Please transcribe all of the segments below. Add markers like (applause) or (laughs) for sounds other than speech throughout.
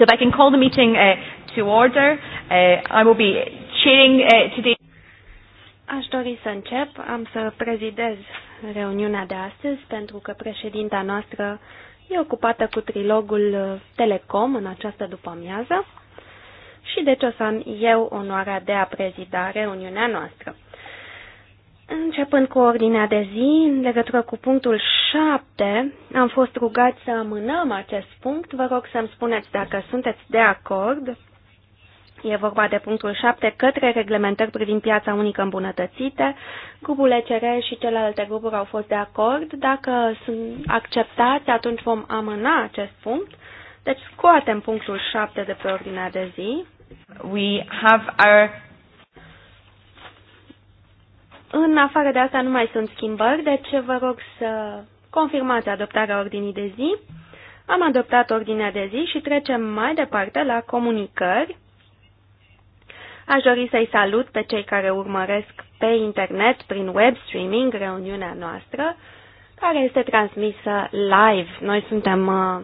So if I can call the meeting uh, to order, uh, I will be chairing uh, today. Aș dori să încep. Am să prezidez reuniunea de astăzi pentru că președinta noastră e ocupată cu trilogul uh, Telecom în această după-amiază și deci o să am eu onoarea de a prezida reuniunea noastră. Începând cu ordinea de zi, în legătură cu punctul 7, am fost rugat să amânăm acest punct. Vă rog să-mi spuneți dacă sunteți de acord. E vorba de punctul 7, către reglementări privind piața unică îmbunătățite. Grupul ECR și celelalte grupuri au fost de acord. Dacă sunt acceptați, atunci vom amâna acest punct. Deci scoatem punctul 7 de pe ordinea de zi. We have our în afară de asta nu mai sunt schimbări, deci vă rog să confirmați adoptarea ordinii de zi. Am adoptat ordinea de zi și trecem mai departe la comunicări. Aș dori să-i salut pe cei care urmăresc pe internet prin web streaming reuniunea noastră, care este transmisă live. Noi suntem uh,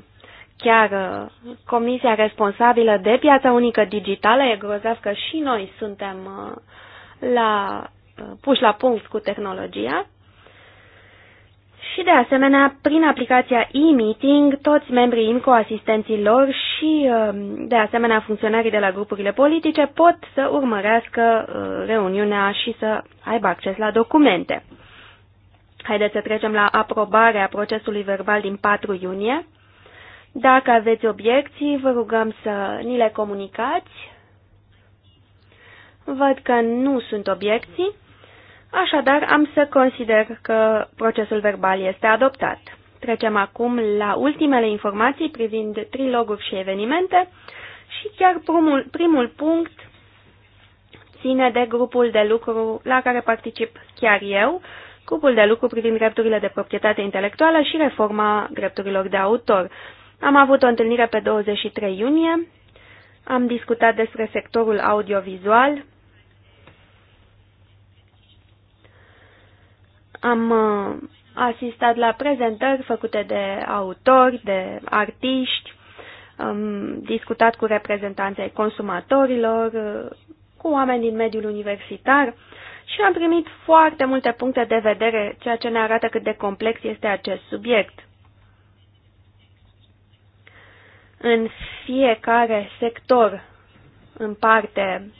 chiar uh, comisia responsabilă de piața unică digitală. E grozav că și noi suntem uh, la puși la punct cu tehnologia. Și de asemenea, prin aplicația e-meeting, toți membrii IMCO, asistenții lor și um, de asemenea funcționarii de la grupurile politice pot să urmărească uh, reuniunea și să aibă acces la documente. Haideți să trecem la aprobarea procesului verbal din 4 iunie. Dacă aveți obiecții, vă rugăm să ni le comunicați. Văd că nu sunt obiecții. Așadar, am să consider că procesul verbal este adoptat. Trecem acum la ultimele informații privind triloguri și evenimente și chiar primul, primul punct ține de grupul de lucru la care particip chiar eu, grupul de lucru privind drepturile de proprietate intelectuală și reforma drepturilor de autor. Am avut o întâlnire pe 23 iunie, am discutat despre sectorul audiovizual, Am uh, asistat la prezentări făcute de autori, de artiști, am discutat cu reprezentanții ai consumatorilor, uh, cu oameni din mediul universitar și am primit foarte multe puncte de vedere, ceea ce ne arată cât de complex este acest subiect. În fiecare sector, în parte,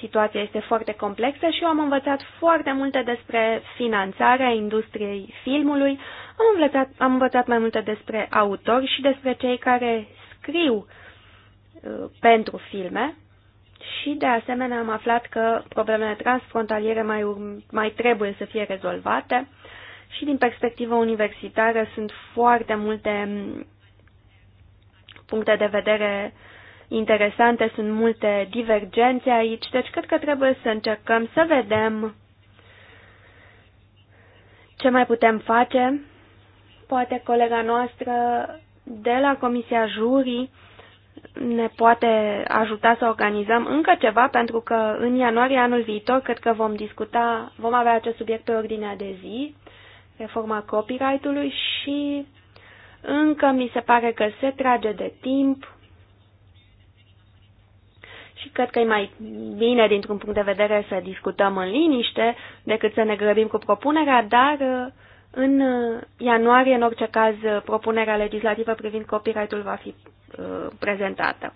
situația este foarte complexă și eu am învățat foarte multe despre finanțarea industriei filmului, am învățat, am învățat mai multe despre autori și despre cei care scriu uh, pentru filme și de asemenea am aflat că problemele transfrontaliere mai, mai trebuie să fie rezolvate și din perspectivă universitară sunt foarte multe mm, puncte de vedere uh, interesante, sunt multe divergențe aici, deci cred că trebuie să încercăm să vedem ce mai putem face. Poate colega noastră de la Comisia Jurii ne poate ajuta să organizăm încă ceva, pentru că în ianuarie anul viitor cred că vom discuta, vom avea acest subiect pe ordinea de zi, reforma copyright-ului și încă mi se pare că se trage de timp și cred că e mai bine dintr-un punct de vedere să discutăm în liniște decât să ne grăbim cu propunerea, dar uh, în uh, ianuarie, în orice caz, uh, propunerea legislativă privind copyright-ul va fi prezentată.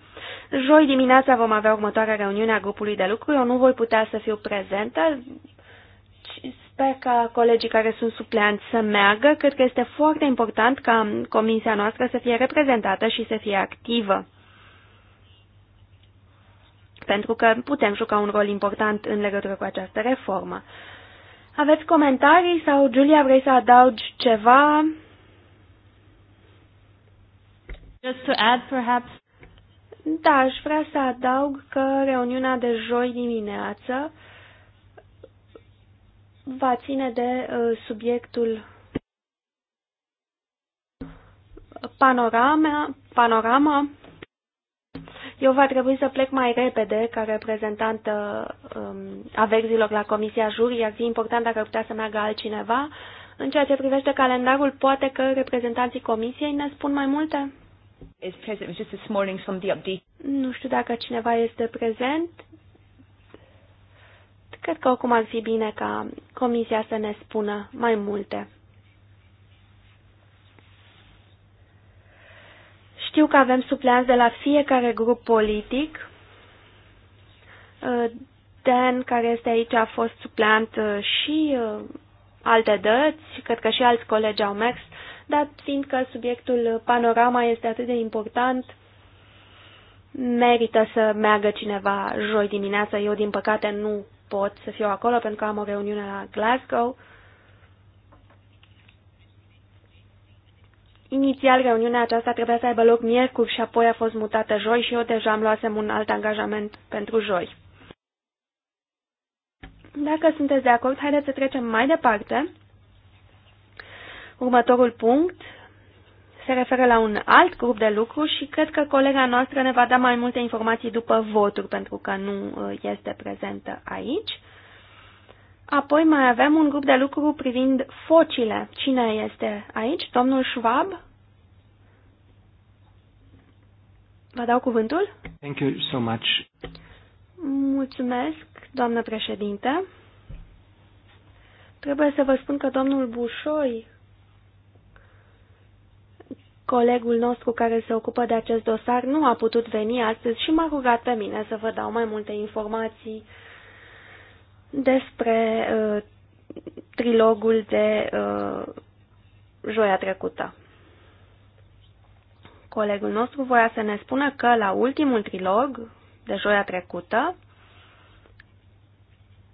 Joi dimineața vom avea următoarea reuniune a grupului de lucru. Eu nu voi putea să fiu prezentă. Sper ca colegii care sunt supleanți să meargă. Cred că este foarte important ca um, comisia noastră să fie reprezentată și să fie activă pentru că putem juca un rol important în legătură cu această reformă. Aveți comentarii sau, Julia, vrei să adaugi ceva? Just to add, perhaps. Da, aș vrea să adaug că reuniunea de joi dimineață va ține de uh, subiectul panorama, panorama eu va trebui să plec mai repede ca reprezentantă um, a verzilor la Comisia Jurii. Ar fi important dacă ar putea să meargă altcineva. În ceea ce privește calendarul, poate că reprezentanții Comisiei ne spun mai multe? Nu știu dacă cineva este prezent. Cred că oricum ar fi bine ca Comisia să ne spună mai multe. Știu că avem supleanți de la fiecare grup politic. Uh, Dan, care este aici, a fost supleant uh, și uh, alte dăți, cred că și alți colegi au mers, dar fiindcă subiectul panorama este atât de important, merită să meargă cineva joi dimineața. Eu, din păcate, nu pot să fiu acolo pentru că am o reuniune la Glasgow. Inițial, reuniunea aceasta trebuia să aibă loc miercuri și apoi a fost mutată joi și eu deja am luasem un alt angajament pentru joi. Dacă sunteți de acord, haideți să trecem mai departe. Următorul punct se referă la un alt grup de lucru și cred că colega noastră ne va da mai multe informații după voturi, pentru că nu uh, este prezentă aici. Apoi mai avem un grup de lucru privind focile. Cine este aici? Domnul Schwab? Vă dau cuvântul? Thank you so much. Mulțumesc, doamnă președinte. Trebuie să vă spun că domnul Bușoi, colegul nostru care se ocupă de acest dosar, nu a putut veni astăzi și m-a rugat pe mine să vă dau mai multe informații uh, despre uh, trilogul de uh, joia trecută. Colegul nostru voia să ne spună că la ultimul trilog de joia trecută,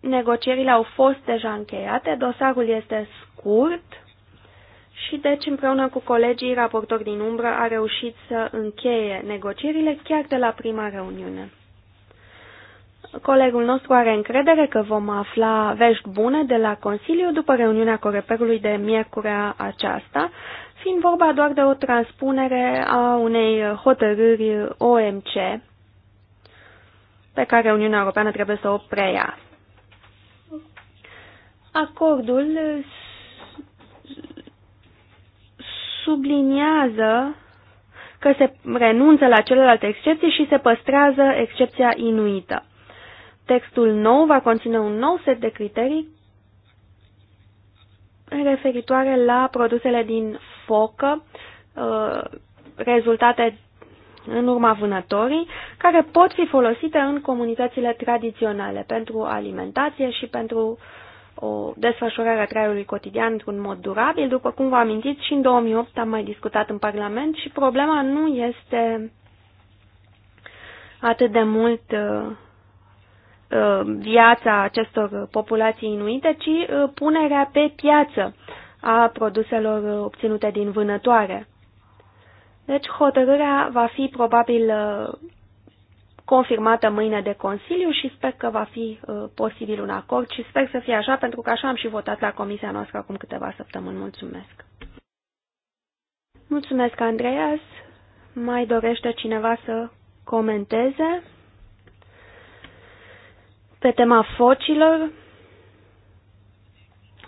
negocierile au fost deja încheiate, dosarul este scurt și deci împreună cu colegii raportori din umbră a reușit să încheie negocierile chiar de la prima reuniune. Colegul nostru are încredere că vom afla vești bune de la Consiliu după reuniunea Coreperului de miercurea aceasta, fiind vorba doar de o transpunere a unei hotărâri OMC pe care Uniunea Europeană trebuie să o preia. Acordul subliniază că se renunță la celelalte excepții și se păstrează excepția inuită. Textul nou va conține un nou set de criterii referitoare la produsele din focă, uh, rezultate în urma vânătorii, care pot fi folosite în comunitățile tradiționale pentru alimentație și pentru o desfășurare a traiului cotidian într-un mod durabil. După cum vă amintiți, și în 2008 am mai discutat în Parlament și problema nu este atât de mult uh, Uh, viața acestor populații inuite, ci uh, punerea pe piață a produselor uh, obținute din vânătoare. Deci hotărârea va fi probabil confirmată mâine de Consiliu și sper că va fi posibil un acord și sper să fie așa, pentru că așa am și votat la comisia noastră acum câteva săptămâni. Mulțumesc! Mulțumesc, Andreas! Mai dorește cineva să comenteze? Pe tema focilor,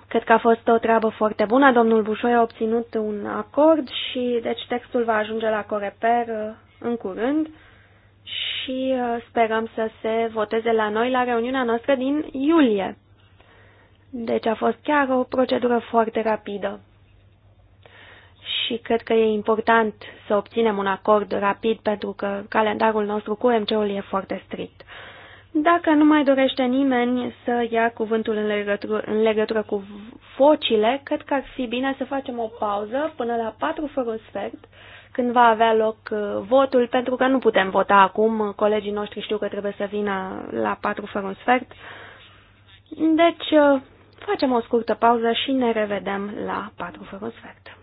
cred că a fost o treabă foarte bună. Domnul Bușoi a obținut un acord și deci textul va ajunge la Coreper uh, în curând și uh, sperăm să se voteze la noi la reuniunea noastră din iulie. Deci a fost chiar o procedură foarte rapidă. Și cred că e important să obținem un acord rapid pentru că calendarul nostru cu MC-ul e foarte strict. Dacă nu mai dorește nimeni să ia cuvântul în legătură, în legătură cu focile, cred că ar fi bine să facem o pauză până la 4 fără sfert, când va avea loc uh, votul, pentru că nu putem vota acum, colegii noștri știu că trebuie să vină la 4 fără un sfert. Deci, uh, facem o scurtă pauză și ne revedem la 4 fără un sfert.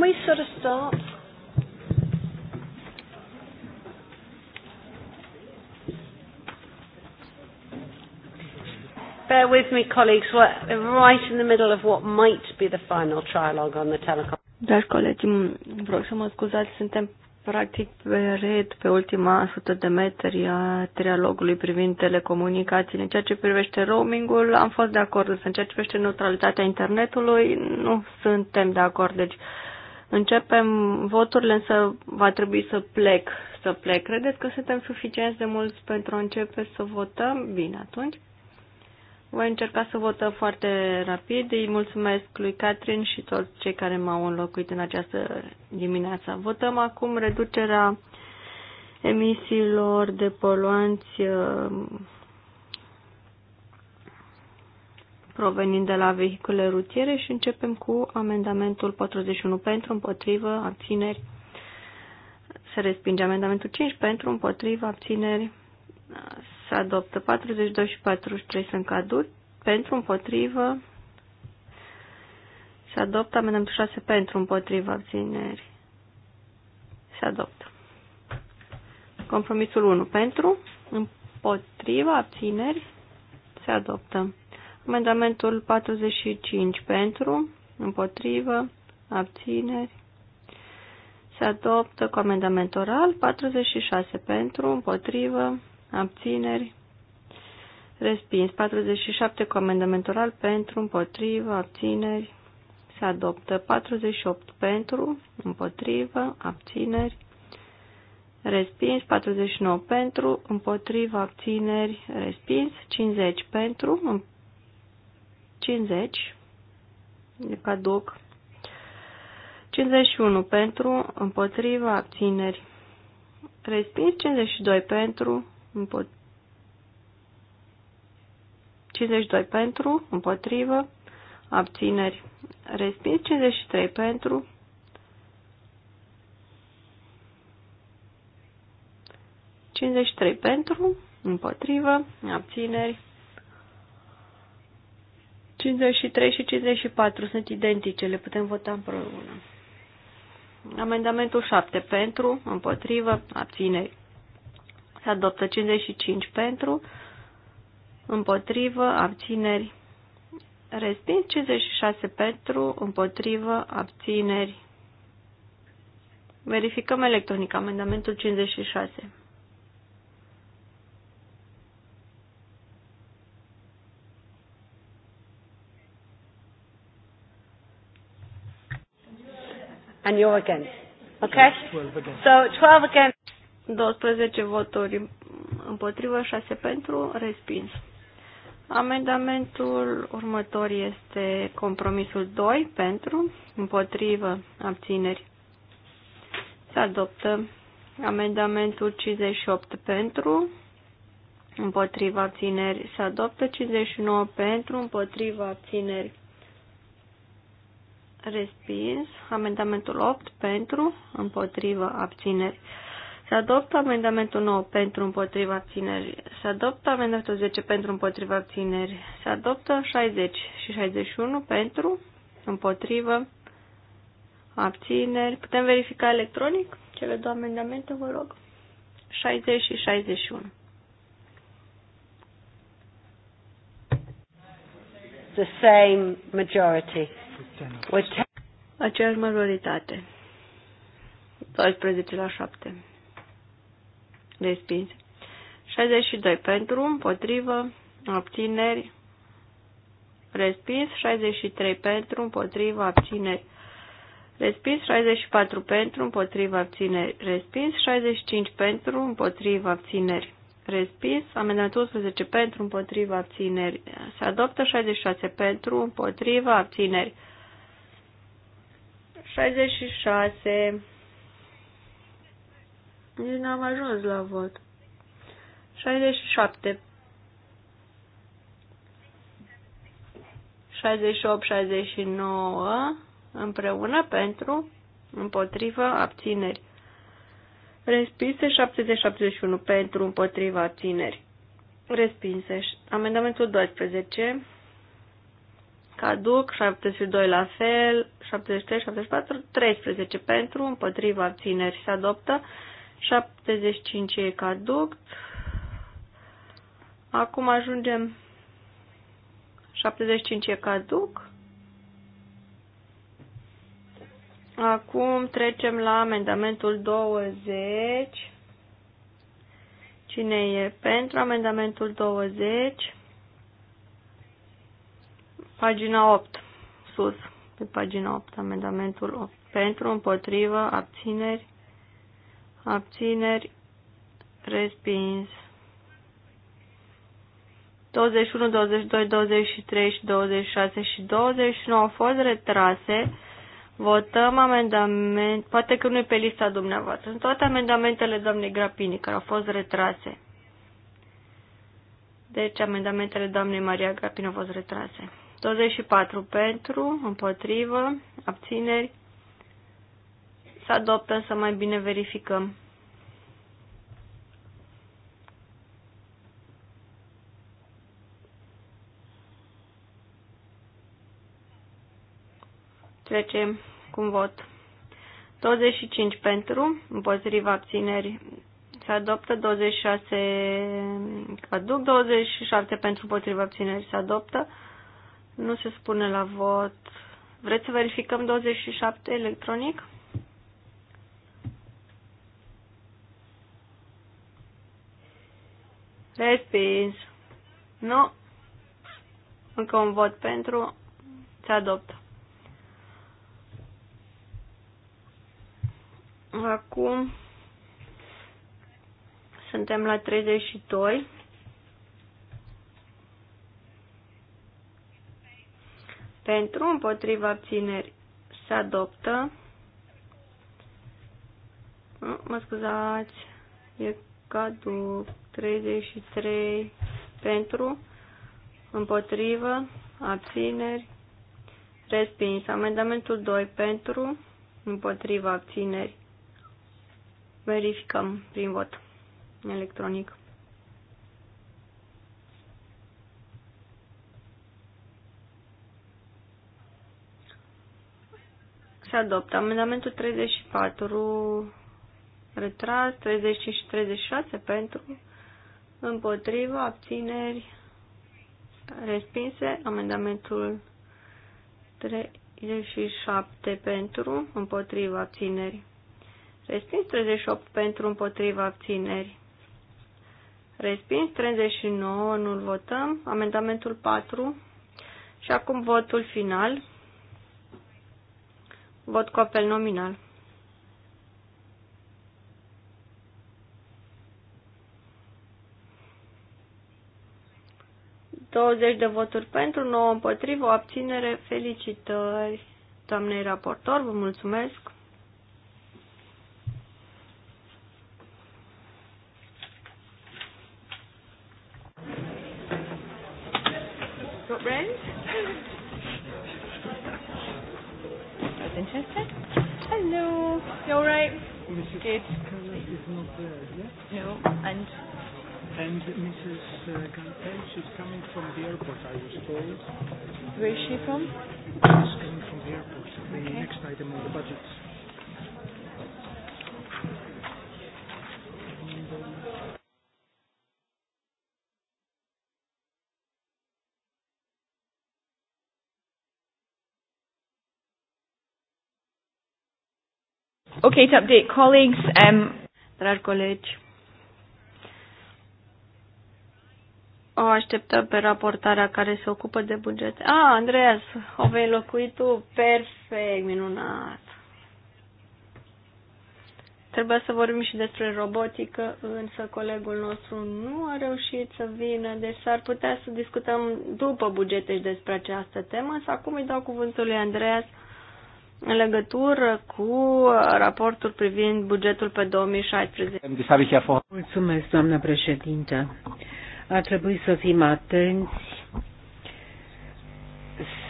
Can we sort of start? Bear with me, colleagues. We're right in the middle of what might be the final trialogue on the telecom. Dar colegi, vreau să mă scuzați, suntem practic pe red, pe ultima sută de metri a trialogului privind telecomunicațiile. În ceea ce privește roamingul, am fost de acord, însă în ceea ce privește neutralitatea internetului, nu suntem de acord. Deci Începem voturile, însă va trebui să plec, să plec. Credeți că suntem suficienți de mulți pentru a începe să votăm? Bine, atunci. Voi încerca să votăm foarte rapid. Îi mulțumesc lui Catrin și toți cei care m-au înlocuit în această dimineață. Votăm acum reducerea emisiilor de poluanți provenind de la vehicule rutiere și începem cu amendamentul 41 pentru, împotrivă, abțineri. Se respinge amendamentul 5 pentru, împotrivă, abțineri. Se adoptă 42 și 43 sunt caduci. Pentru, împotrivă, se adoptă amendamentul 6 pentru, împotrivă, abțineri. Se adoptă. Compromisul 1 pentru, împotrivă, abțineri. Se adoptă. Amendamentul 45 pentru, împotrivă, abțineri. Se adoptă cu amendament oral 46 pentru, împotrivă, abțineri. Respins 47 cu amendament oral pentru, împotrivă, abțineri. Se adoptă 48 pentru, împotrivă, abțineri. Respins 49 pentru, împotrivă, abțineri. Respins 50 pentru, împotrivă 50 de caduc. 51 pentru, împotriva, abțineri. Respins 52 pentru, împotriva. 52 pentru, împotrivă, abțineri. Respins 53 pentru, pentru, împotrivă, abțineri, 53 și 54 sunt identice, le putem vota împreună. Amendamentul 7 pentru, împotrivă, abțineri. Se adoptă 55 pentru, împotrivă, abțineri. Respins 56 pentru, împotrivă, abțineri. Verificăm electronic amendamentul 56. and you're against. Okay? So 12 against. 12 voturi împotrivă, 6 pentru, respins. Amendamentul următor este compromisul 2 pentru, împotrivă, abțineri. Se adoptă amendamentul 58 pentru, împotrivă, abțineri. Se adoptă 59 pentru, împotrivă, abțineri. Respins. Amendamentul 8 pentru, împotrivă, abțineri. Se adoptă amendamentul 9 pentru împotrivă, abțineri. Se adoptă amendamentul 10 pentru împotrivă, abțineri. Se adoptă 60 și 61 pentru împotrivă abțineri. Putem verifica electronic cele două amendamente, vă rog. 60 și 61. The same majority. Aceeași majoritate. 12 la 7. Respins. 62 pentru, împotrivă, abțineri, respins. 63 pentru, împotrivă, abțineri, respins. 64 pentru, împotrivă, abțineri, respins. 65 pentru, împotrivă, abțineri, respins. Amendamentul 11 pentru, împotrivă, abțineri, se adoptă. 66 pentru, împotrivă, abțineri, 66. Nici n-am ajuns la vot. 67. 68-69 împreună pentru, împotrivă, abțineri. Respinse 70-71 pentru, împotriva, abțineri. Respinse. Amendamentul 12 caduc, 72 la fel, 73, 74, 13 pentru, împotriva abțineri se adoptă, 75 e caduc. Acum ajungem 75 e caduc. Acum trecem la amendamentul 20. Cine e pentru amendamentul 20? Pagina 8, sus, pe pagina 8, amendamentul 8. Pentru, împotrivă, abțineri, abțineri, respins. 21, 22, 23 și 26 și 29 au fost retrase. Votăm amendament, poate că nu e pe lista dumneavoastră, sunt toate amendamentele doamnei Grapini care au fost retrase. Deci amendamentele doamnei Maria Grapini au fost retrase. 24 pentru, împotrivă, abțineri. Să adoptă să mai bine verificăm. Trecem cu un vot. 25 pentru, împotriva abțineri se adoptă, 26 aduc 27 pentru împotriva abțineri se adoptă, nu se spune la vot. Vreți să verificăm 27 electronic? Respins. Nu. Încă un vot pentru. Se adoptă. Acum suntem la 32. Pentru împotriva abțineri se adoptă. Mă scuzați, e cadou 33 pentru împotriva abțineri respins. Amendamentul 2 pentru împotriva abțineri verificăm prin vot electronic. Se adoptă. Amendamentul 34 retras, 35 și 36 pentru, împotriva, abțineri, respinse. Amendamentul 37 pentru, împotriva, abțineri. Respins 38 pentru, împotriva, abțineri. Respins 39, nu-l votăm. Amendamentul 4. Și acum votul final. Vot cu apel nominal. Douăzeci de voturi pentru, nouă împotrivă, o abținere. Felicitări, doamnei raportor, vă mulțumesc. Mrs. Uh, Gantel. She's coming from the airport, I was told. Where is she from? She's coming from the airport. The okay. next item on the budget. Okay, to update colleagues, um, are colleagues. o așteptăm pe raportarea care se ocupă de bugete. Ah, Andreas, o vei locui tu? Perfect, minunat! Trebuia să vorbim și despre robotică, însă colegul nostru nu a reușit să vină, deci s-ar putea să discutăm după bugete și despre această temă, însă acum îi dau cuvântul lui Andreas în legătură cu raportul privind bugetul pe 2016. Mulțumesc, doamnă președinte. Ar trebui să fim atenți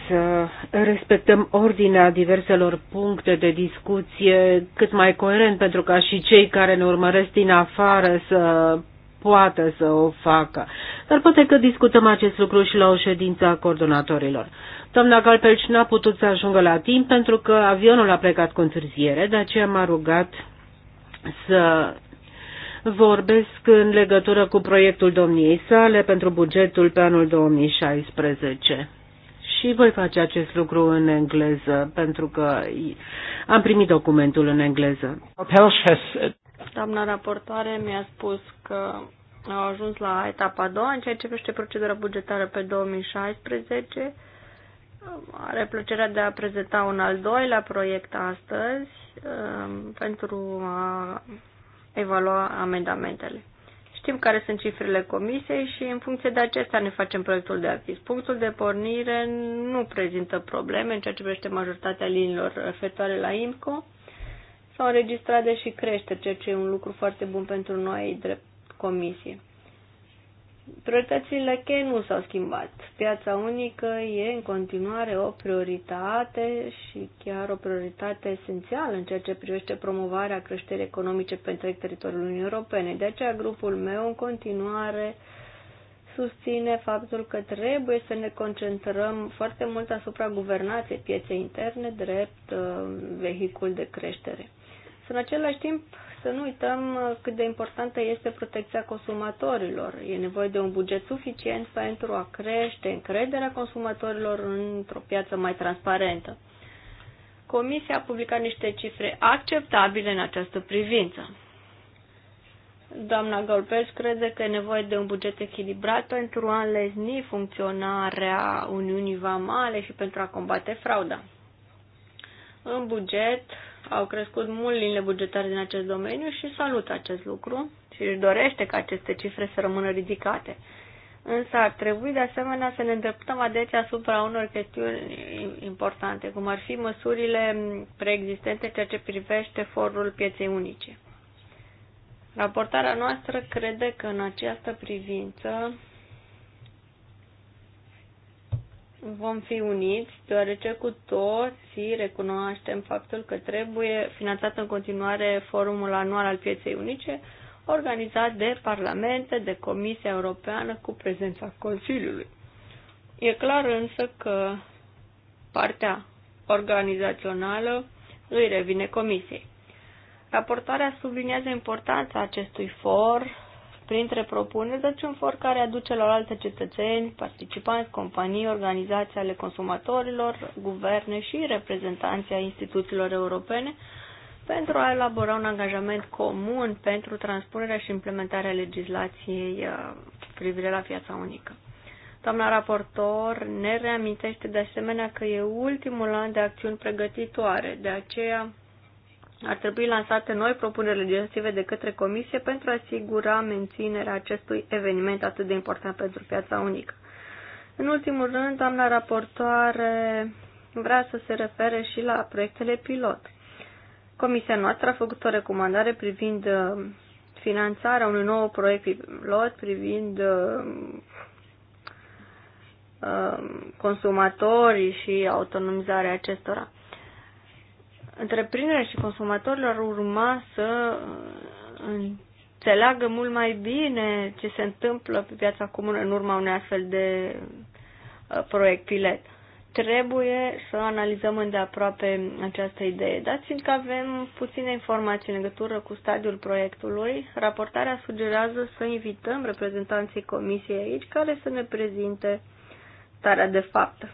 să respectăm ordinea diverselor puncte de discuție cât mai coerent pentru ca și cei care ne urmăresc din afară să poată să o facă. Dar poate că discutăm acest lucru și la o ședință a coordonatorilor. Doamna Galpelci n-a putut să ajungă la timp pentru că avionul a plecat cu întârziere, de aceea m-a rugat să vorbesc în legătură cu proiectul domniei sale pentru bugetul pe anul 2016. Și voi face acest lucru în engleză, pentru că am primit documentul în engleză. Uh, Doamna raportoare mi-a spus că au ajuns la etapa a doua în ceea ce privește procedura bugetară pe 2016. Are plăcerea de a prezenta un al doilea proiect astăzi um, pentru a evalua amendamentele. Știm care sunt cifrele comisiei și în funcție de acestea ne facem proiectul de aviz. Punctul de pornire nu prezintă probleme în ceea ce privește majoritatea liniilor referitoare la IMCO. S-au înregistrat și crește, ceea ce e un lucru foarte bun pentru noi drept comisie. Prioritățile cheie nu s-au schimbat. Piața unică e în continuare o prioritate și chiar o prioritate esențială în ceea ce privește promovarea creșterii economice pe întreg teritoriul Uniunii Europene. De aceea grupul meu în continuare susține faptul că trebuie să ne concentrăm foarte mult asupra guvernației pieței interne drept uh, vehicul de creștere. Să în același timp să nu uităm uh, cât de importantă este protecția consumatorilor. E nevoie de un buget suficient pentru a crește încrederea consumatorilor într-o piață mai transparentă. Comisia a publicat niște cifre acceptabile în această privință. Doamna Golpes crede că e nevoie de un buget echilibrat pentru a înlezni funcționarea Uniunii Vamale și pentru a combate frauda. În buget au crescut mult linile bugetare din acest domeniu și salută acest lucru și își dorește ca aceste cifre să rămână ridicate. Însă ar trebui de asemenea să ne îndreptăm adesea asupra unor chestiuni importante, cum ar fi măsurile preexistente ceea ce privește forul pieței unice. Raportarea noastră crede că în această privință vom fi uniți, deoarece cu toții recunoaștem faptul că trebuie finanțat în continuare forumul anual al pieței unice, organizat de Parlamente, de Comisia Europeană cu prezența Consiliului. E clar însă că partea organizațională îi revine Comisiei. Raportarea subliniază importanța acestui for printre propuneri, deci un for care aduce la altă cetățeni, participanți, companii, organizații ale consumatorilor, guverne și reprezentanții a instituțiilor europene pentru a elabora un angajament comun pentru transpunerea și implementarea legislației uh, cu privire la piața unică. Doamna raportor ne reamintește de asemenea că e ultimul an de acțiuni pregătitoare, de aceea ar trebui lansate noi propuneri legislative de către Comisie pentru a asigura menținerea acestui eveniment atât de important pentru piața unică. În ultimul rând, doamna raportoare vrea să se refere și la proiectele pilot. Comisia noastră a făcut o recomandare privind uh, finanțarea unui nou proiect pilot privind uh, uh, consumatorii și autonomizarea acestora întreprinderilor și consumatorilor urma să înțeleagă mult mai bine ce se întâmplă pe piața comună în urma unei astfel de uh, proiect pilet. Trebuie să analizăm îndeaproape această idee, dar fiindcă avem puține informații în legătură cu stadiul proiectului, raportarea sugerează să invităm reprezentanții comisiei aici care să ne prezinte starea de fapt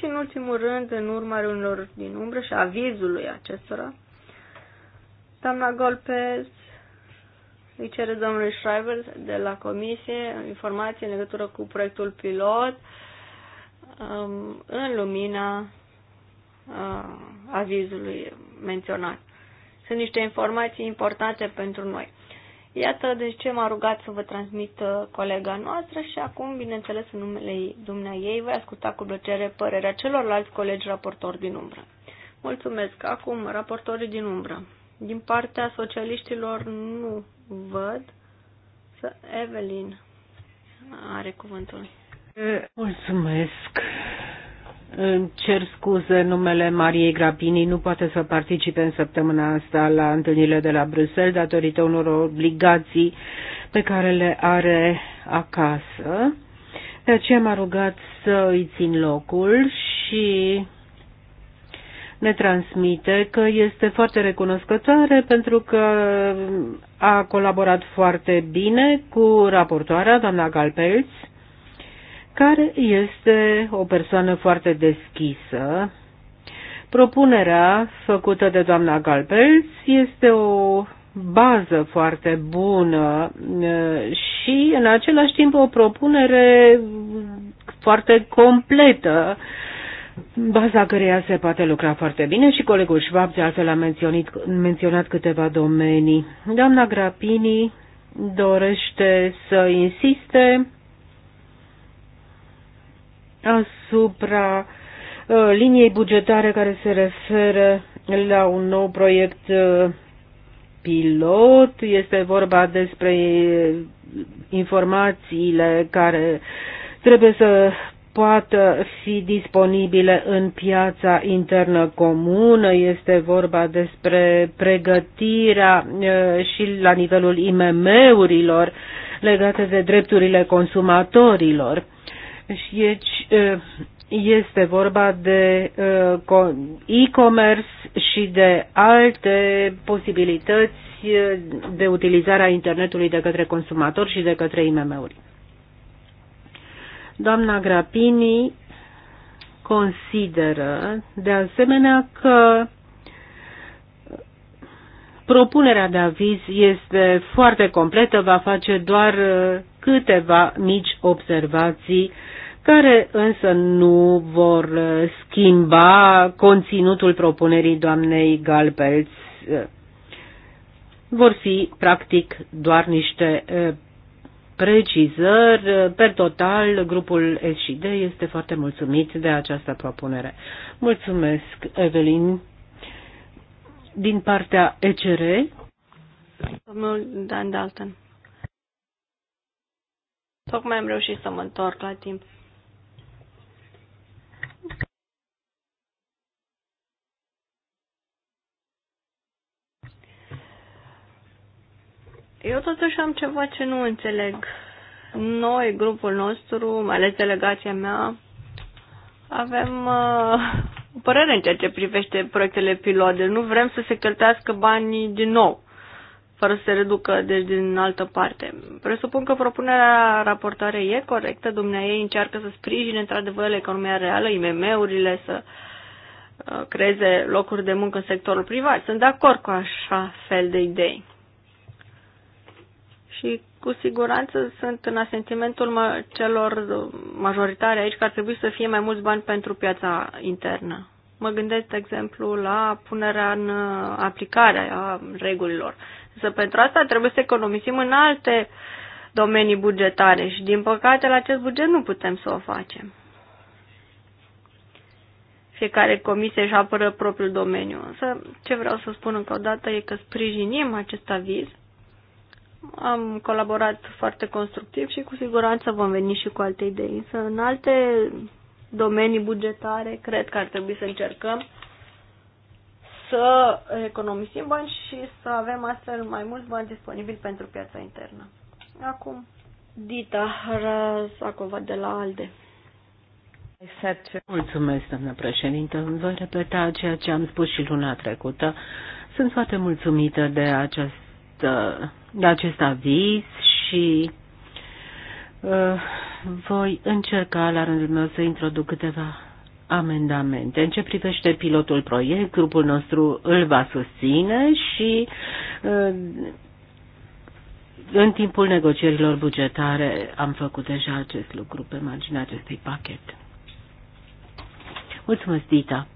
și, în ultimul rând, în urma unor din umbră și avizului acestora, doamna Golpez îi cere domnului Schreiber de la comisie informații în legătură cu proiectul pilot um, în lumina uh, avizului menționat. Sunt niște informații importante pentru noi. Iată de deci, ce m-a rugat să vă transmit uh, colega noastră și acum, bineînțeles, în numele dumnea ei, voi asculta cu plăcere părerea celorlalți colegi raportori din umbră. Mulțumesc. Acum, raportorii din umbră. Din partea socialiștilor nu văd. Evelyn are cuvântul. Mulțumesc, îmi cer scuze, numele Mariei Grapini nu poate să participe în săptămâna asta la întâlnirile de la Bruxelles datorită unor obligații pe care le are acasă. De aceea m-a rugat să îi țin locul și ne transmite că este foarte recunoscătoare pentru că a colaborat foarte bine cu raportoarea, doamna Galpelți, care este o persoană foarte deschisă. Propunerea făcută de doamna Galpelz este o bază foarte bună și în același timp o propunere foarte completă baza căreia se poate lucra foarte bine și colegul Schwab de altfel a menționat, menționat câteva domenii. Doamna Grapini dorește să insiste asupra uh, liniei bugetare care se referă la un nou proiect uh, pilot. Este vorba despre uh, informațiile care trebuie să poată fi disponibile în piața internă comună. Este vorba despre pregătirea și la nivelul IMM-urilor legate de drepturile consumatorilor. Și deci este vorba de e-commerce și de alte posibilități de utilizare a internetului de către consumatori și de către IMM-uri. Doamna Grapini consideră de asemenea că propunerea de aviz este foarte completă, va face doar câteva mici observații uh, care însă nu vor schimba conținutul propunerii doamnei Galpelț. Vor fi, practic, doar niște precizări. Per total, grupul SID este foarte mulțumit de această propunere. Mulțumesc, Evelyn. Din partea ECR. Domnul Dan Dalton. Tocmai am reușit să mă întorc la timp. Eu totuși am ceva ce nu înțeleg. Noi, grupul nostru, mai ales delegația mea, avem uh, o părere în ceea ce privește proiectele pilote. Deci nu vrem să se cheltuiască banii din nou, fără să se reducă deci, din altă parte. Presupun că propunerea raportoarei e corectă. ei încearcă să sprijine într-adevăr economia reală, IMM-urile, să uh, creeze locuri de muncă în sectorul privat. Sunt de acord cu așa fel de idei și cu siguranță sunt în asentimentul celor majoritare aici că ar trebui să fie mai mulți bani pentru piața internă. Mă gândesc, de exemplu, la punerea în aplicare a regulilor. Însă pentru asta trebuie să economisim în alte domenii bugetare și, din păcate, la acest buget nu putem să o facem. Fiecare comisie își apără propriul domeniu. Însă, ce vreau să spun încă o dată e că sprijinim acest aviz am colaborat foarte constructiv și cu siguranță vom veni și cu alte idei. Însă în alte domenii bugetare cred că ar trebui să încercăm să economisim bani și să avem astfel mai mulți bani disponibili pentru piața internă. Acum, Dita Razacova de la ALDE. Mulțumesc, doamnă președinte. Voi repeta ceea ce am spus și luna trecută. Sunt foarte mulțumită de acest de uh, acest aviz și uh, voi încerca la rândul meu să introduc câteva amendamente. În ce privește pilotul proiect, grupul nostru îl va susține și uh, în timpul negocierilor bugetare am făcut deja acest lucru pe marginea acestui pachet. Mulțumesc, Dita.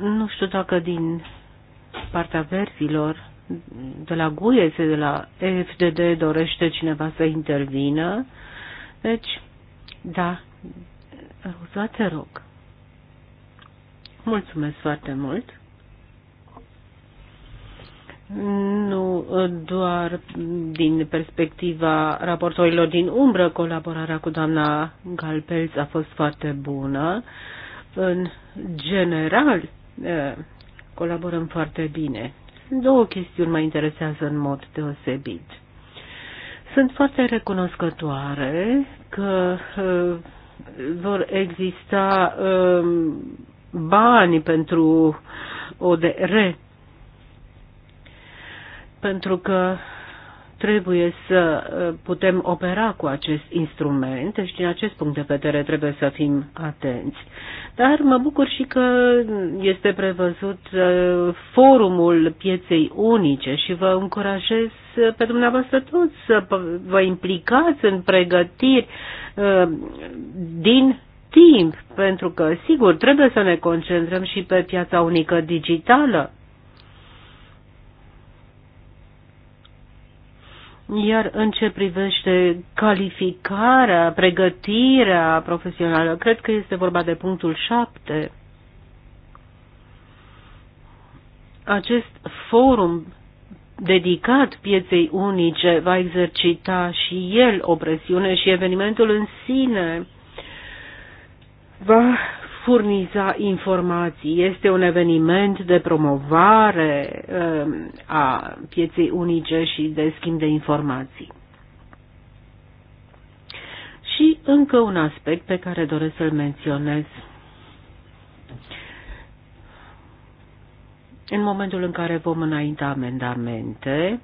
Nu știu dacă din partea verzilor, de la GUE, de la FDD dorește cineva să intervină. Deci, da, Roza, te rog. Mulțumesc foarte mult. Nu doar din perspectiva raportorilor din umbră, colaborarea cu doamna Galpelz a fost foarte bună. În general, colaborăm foarte bine. Două chestiuni mă interesează în mod deosebit. Sunt foarte recunoscătoare că uh, vor exista uh, bani pentru ODR, pentru că Trebuie să uh, putem opera cu acest instrument, și din acest punct de vedere trebuie să fim atenți. Dar mă bucur și că este prevăzut uh, forumul pieței unice și vă încurajez uh, pe dumneavoastră toți să vă implicați în pregătiri din timp, pentru că, sigur, trebuie să ne concentrăm și pe piața unică digitală, Iar în ce privește calificarea, pregătirea profesională, cred că este vorba de punctul 7. Acest forum dedicat pieței unice va exercita și el o presiune și evenimentul în sine va furniza informații. Este un eveniment de promovare um, a pieței unice și de schimb de informații. Și încă un aspect pe care doresc să-l menționez. În momentul în care vom înainta amendamente,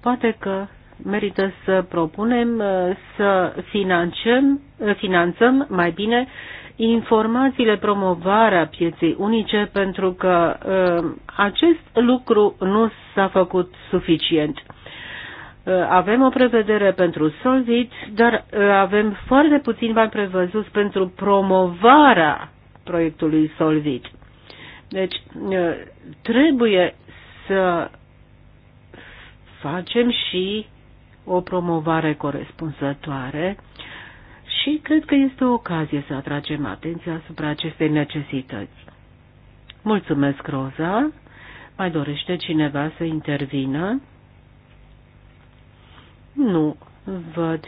poate că merită să propunem uh, să finanțăm, uh, finanțăm mai bine uh, informațiile, promovarea pieței unice, pentru că uh, acest lucru nu s-a făcut suficient. Uh, avem o prevedere pentru Solvit, dar uh, avem foarte puțin bani prevăzuți pentru promovarea proiectului Solvit. Deci trebuie să facem și o promovare corespunzătoare și cred că este o ocazie să atragem atenția asupra acestei necesități. Mulțumesc, Roza. Mai dorește cineva să intervină? Nu văd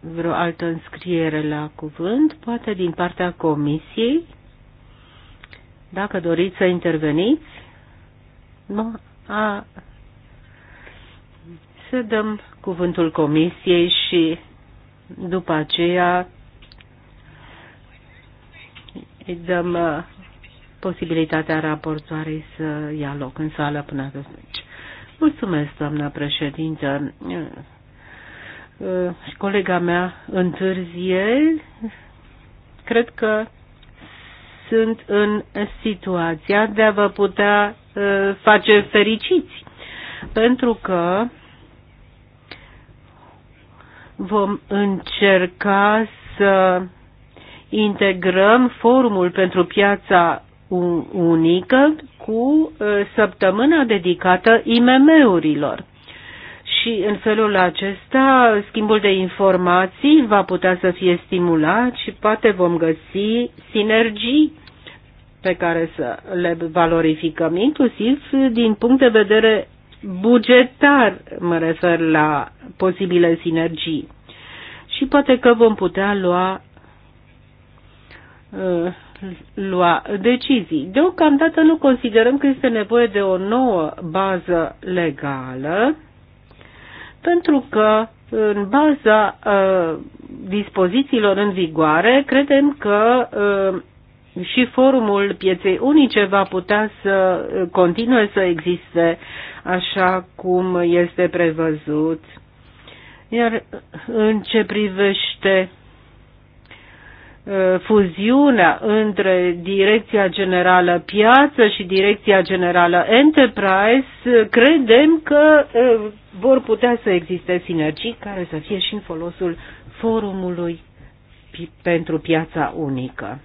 vreo altă înscriere la cuvânt, poate din partea comisiei. Dacă doriți să interveniți, nu, a, să dăm cuvântul comisiei și după aceea îi dăm uh, posibilitatea raportoarei să ia loc în sală până atunci. Mulțumesc, doamna președintă. Uh, uh, și colega mea întârzie. Cred că sunt în situația de a vă putea face fericiți. Pentru că Vom încerca să integrăm forumul pentru piața unică cu ă, săptămâna dedicată IMM-urilor. Și în felul acesta schimbul de informații va putea să fie stimulat și poate vom găsi sinergii pe care să le valorificăm, inclusiv din punct de vedere bugetar, mă refer la posibile sinergii. Și poate că vom putea lua uh, lua decizii. Deocamdată nu considerăm că este nevoie de o nouă bază legală, pentru că în baza uh, dispozițiilor în vigoare credem că uh, și forumul pieței unice va putea să continue să existe așa cum este prevăzut. Iar în ce privește uh, fuziunea între Direcția Generală Piață și Direcția Generală Enterprise, credem că uh, vor putea să existe sinergii care să fie și în folosul forumului pentru piața unică.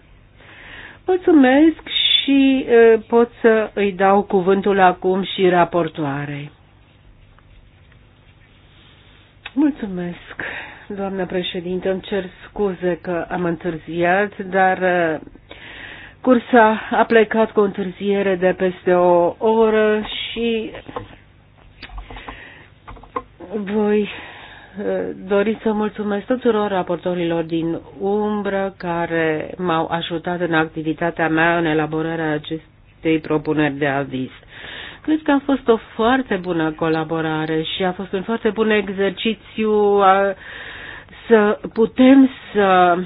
Mulțumesc și pot să îi dau cuvântul acum și raportoarei. Mulțumesc, doamnă președinte. Îmi cer scuze că am întârziat, dar cursa a plecat cu o întârziere de peste o oră și voi dori să mulțumesc tuturor raportorilor din umbră care m-au ajutat în activitatea mea în elaborarea acestei propuneri de aviz. Cred că a fost o foarte bună colaborare și a fost un foarte bun exercițiu a, să putem să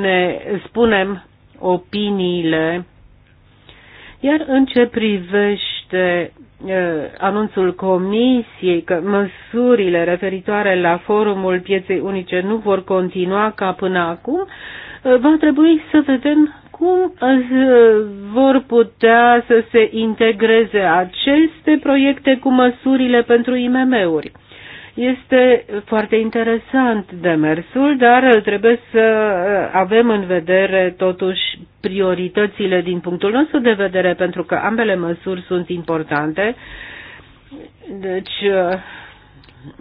ne spunem opiniile. Iar în ce privește anunțul Comisiei că măsurile referitoare la forumul pieței unice nu vor continua ca până acum, va trebui să vedem cum vor putea să se integreze aceste proiecte cu măsurile pentru IMM-uri. Este foarte interesant demersul, dar trebuie să uh, avem în vedere totuși prioritățile din punctul nostru de vedere, pentru că ambele măsuri sunt importante. Deci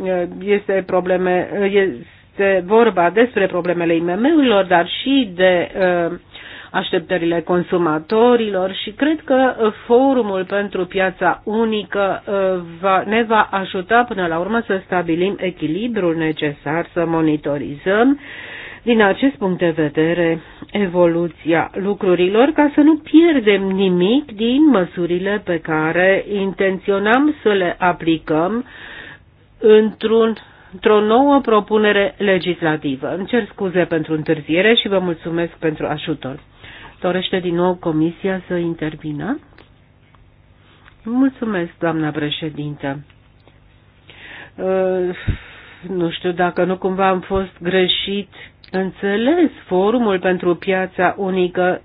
uh, este probleme, este vorba despre problemele IMM-urilor, dar și de uh, așteptările consumatorilor și cred că uh, forumul pentru piața unică uh, va, ne va ajuta până la urmă să stabilim echilibrul necesar, să monitorizăm din acest punct de vedere evoluția lucrurilor ca să nu pierdem nimic din măsurile pe care intenționam să le aplicăm într-un într-o nouă propunere legislativă. Îmi cer scuze pentru întârziere și vă mulțumesc pentru ajutor. Dorește din nou Comisia să intervină? Mulțumesc, doamna președintă. Uh, nu știu dacă nu cumva am fost greșit Înțeles, forumul pentru piața unică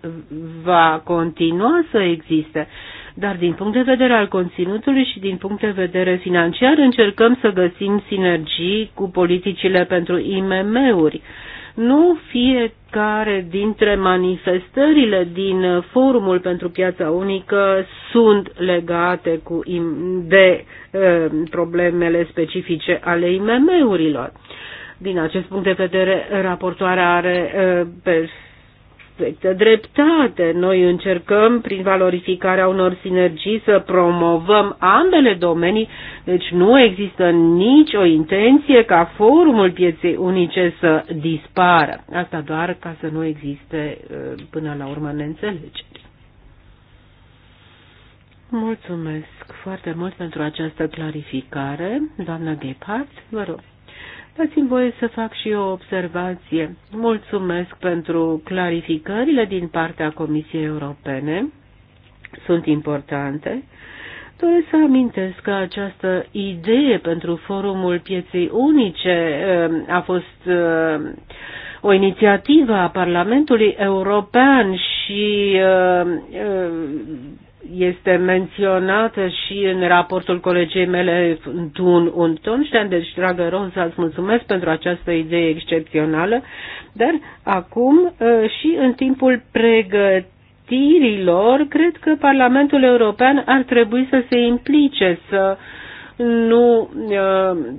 va continua să existe, dar din punct de vedere al conținutului și din punct de vedere financiar încercăm să găsim sinergii cu politicile pentru IMM-uri nu fiecare dintre manifestările din Forumul pentru Piața Unică sunt legate cu, de um, problemele specifice ale IMM-urilor. Din acest punct de vedere, raportoarea are uh, aspecte. dreptate. Noi încercăm, prin valorificarea unor sinergii, să promovăm ambele domenii, deci nu există nicio intenție ca forumul pieței unice să dispară. Asta doar ca să nu existe ă, până la urmă neînțelegeri. Mulțumesc foarte mult pentru această clarificare, doamna Gephardt, vă rog. Dați-mi voie să fac și eu o observație. Mulțumesc pentru clarificările din partea Comisiei Europene. Sunt importante. Doresc să amintesc că această idee pentru forumul pieței unice um, a fost um, o inițiativă a Parlamentului European și um, este menționată și în raportul colegei mele Dun Unton. Deci, dragă Ronza, îți mulțumesc pentru această idee excepțională, dar acum ă, și în timpul pregătirii tirilor, cred că Parlamentul European ar trebui să se implice, să nu uh,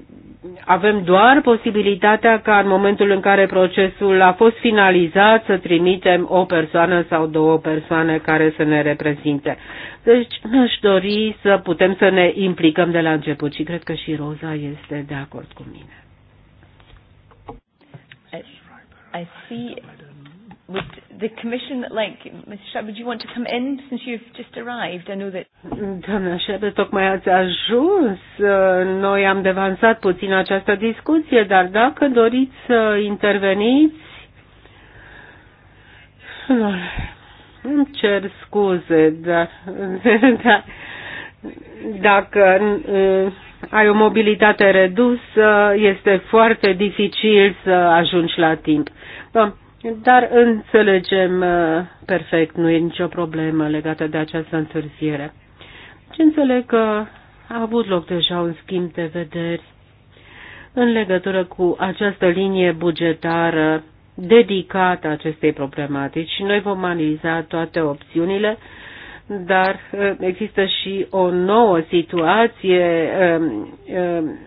avem doar posibilitatea ca în momentul în care procesul a fost finalizat să trimitem o persoană sau două persoane care să ne reprezinte. Deci nu și dori să putem să ne implicăm de la început și cred că și Roza este de acord cu mine. I, I see would the commission like Mr. Shep, would you want to come in since you've just arrived? I know that Doamna Shep, tocmai ați ajuns. Uh, noi am devansat puțin această discuție, dar dacă doriți să interveniți no, îmi cer scuze, dar, (laughs) dar dacă uh, ai o mobilitate redusă, este foarte dificil să ajungi la timp. Doamna dar înțelegem uh, perfect, nu e nicio problemă legată de această întârziere. Ce înțeleg că a avut loc deja un schimb de vederi în legătură cu această linie bugetară dedicată acestei problematici și noi vom analiza toate opțiunile, dar uh, există și o nouă situație. Um, um,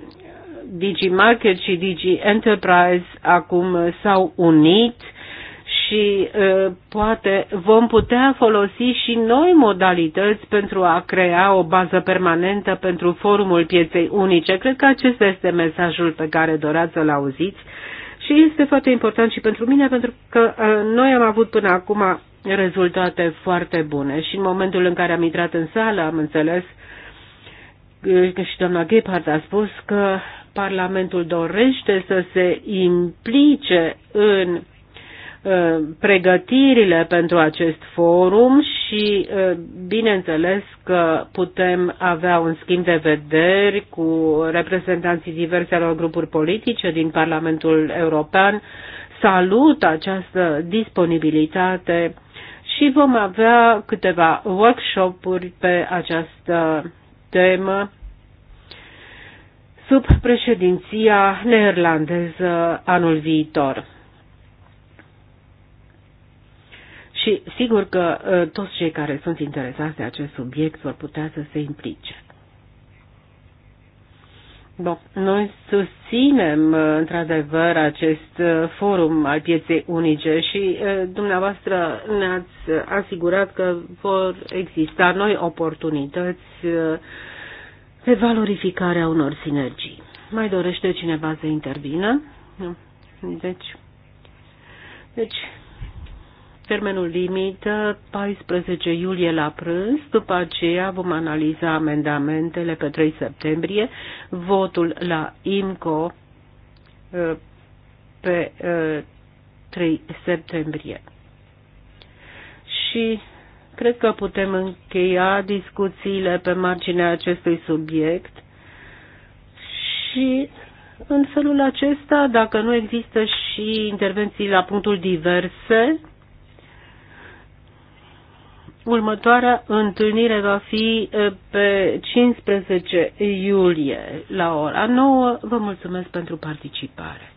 Digi Market și Digi Enterprise acum s-au unit și poate vom putea folosi și noi modalități pentru a crea o bază permanentă pentru forumul pieței unice. Cred că acesta este mesajul pe care doreați să-l auziți și este foarte important și pentru mine pentru că noi am avut până acum rezultate foarte bune și în momentul în care am intrat în sală am înțeles că și doamna Gephardt a spus că Parlamentul dorește să se implice în Uh, pregătirile pentru acest forum și uh, bineînțeles că putem avea un schimb de vederi cu reprezentanții diverselor grupuri politice din Parlamentul European. Salut această disponibilitate și vom avea câteva workshop-uri pe această temă sub președinția neerlandeză anul viitor. și sigur că uh, toți cei care sunt interesați de acest subiect vor putea să se implice. Bun. Noi susținem uh, într-adevăr acest uh, forum al pieței unice și dumneavoastră ne-ați asigurat că vor exista noi oportunități de valorificare a unor sinergii. Mai dorește cineva să intervină? Nu. Deci, deci Termenul limită 14 iulie la prânz, după aceea vom analiza amendamentele pe 3 septembrie, votul la IMCO uh, pe 3 uh, septembrie. Și cred că putem încheia discuțiile pe marginea acestui subiect și în felul acesta, dacă nu există și intervenții la punctul diverse, Următoarea întâlnire va fi pe 15 iulie la ora 9. Vă mulțumesc pentru participare.